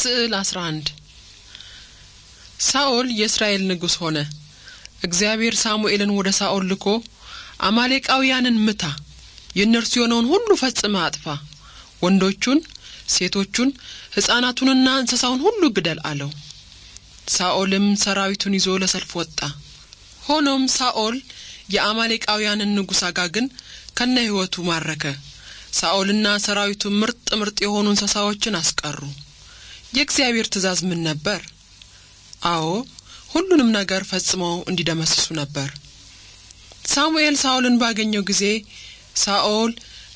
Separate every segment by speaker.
Speaker 1: ስዕል 11 ሳኦል የእስራኤል ንጉሥ ሆነ። እግዚአብሔር ሳሙኤልን ወደ ሳኦል ልኮ አማሌቃውያንን ምታ፣ የእነርሱ የሆነውን ሁሉ ፈጽመ አጥፋ፣ ወንዶቹን፣ ሴቶቹን፣ ሕፃናቱንና እንስሳውን ሁሉ ግደል አለው። ሳኦልም ሰራዊቱን ይዞ ለሰልፍ ወጣ። ሆኖም ሳኦል የአማሌቃውያንን ንጉሥ አጋግን ከነ ሕይወቱ ማረከ። ሳኦልና ሰራዊቱ ምርጥ ምርጥ የሆኑ እንስሳዎችን አስቀሩ። የእግዚአብሔር ትእዛዝ ምን ነበር? አዎ ሁሉንም ነገር ፈጽመው እንዲደመስሱ ነበር። ሳሙኤል ሳኦልን ባገኘው ጊዜ ሳኦል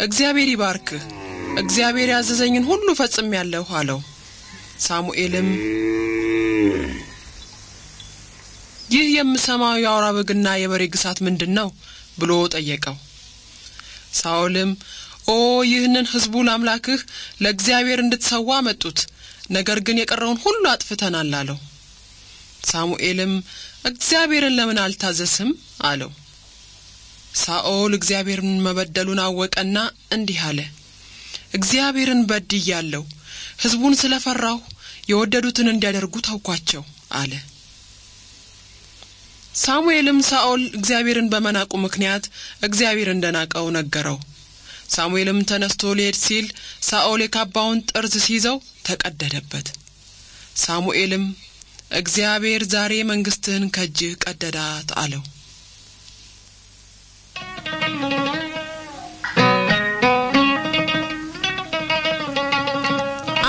Speaker 1: እግዚአብሔር ይባርክህ፣ እግዚአብሔር ያዘዘኝን ሁሉ ፈጽሜያለሁ አለው። ሳሙኤልም ይህ የምሰማው የአውራ በግና የበሬ ግሳት ምንድን ነው ብሎ ጠየቀው። ሳኦልም ኦ ይህንን ሕዝቡን አምላክህ ለእግዚአብሔር እንድትሰዋ መጡት፣ ነገር ግን የቀረውን ሁሉ አጥፍተናል አለው። ሳሙኤልም እግዚአብሔርን ለምን አልታዘስም አለው። ሳኦል እግዚአብሔርን መበደሉን አወቀና እንዲህ አለ፣ እግዚአብሔርን በድያለሁ፣ ሕዝቡን ስለ ፈራሁ የወደዱትን እንዲያደርጉ ታውኳቸው አለ። ሳሙኤልም ሳኦል እግዚአብሔርን በመናቁ ምክንያት እግዚአብሔር እንደ ናቀው ነገረው። ሳሙኤልም ተነስቶ ሊሄድ ሲል ሳኦል የካባውን ጠርዝ ሲይዘው ተቀደደበት። ሳሙኤልም እግዚአብሔር ዛሬ መንግስትህን ከእጅህ ቀደዳት አለው።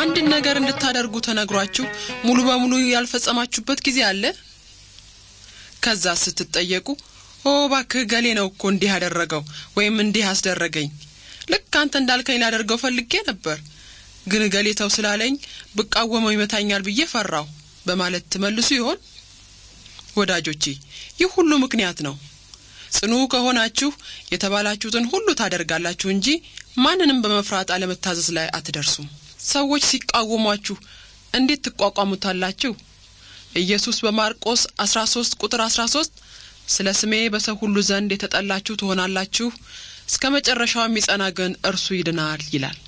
Speaker 1: አንድን ነገር እንድታደርጉ ተነግሯችሁ ሙሉ በሙሉ ያልፈጸማችሁበት ጊዜ አለ። ከዛ ስትጠየቁ ኦ ባክህ ገሌ ነው እኮ እንዲህ ያደረገው ወይም እንዲህ አስደረገኝ ልክ አንተ እንዳልከኝ ላደርገው ፈልጌ ነበር፣ ግን እገሌ ስላለኝ ብቃወመው ይመታኛል ብዬ ፈራሁ በማለት ትመልሱ ይሆን? ወዳጆቼ ይህ ሁሉ ምክንያት ነው። ጽኑ ከሆናችሁ የተባላችሁትን ሁሉ ታደርጋላችሁ እንጂ ማንንም በመፍራት አለመታዘዝ ላይ አትደርሱም። ሰዎች ሲቃወሟችሁ እንዴት ትቋቋሙታላችሁ? ኢየሱስ በማርቆስ 13 ቁጥር 13 ስለ ስሜ በሰው ሁሉ ዘንድ የተጠላችሁ ትሆናላችሁ እስከ መጨረሻው የሚጸና ግን እርሱ ይድናል ይላል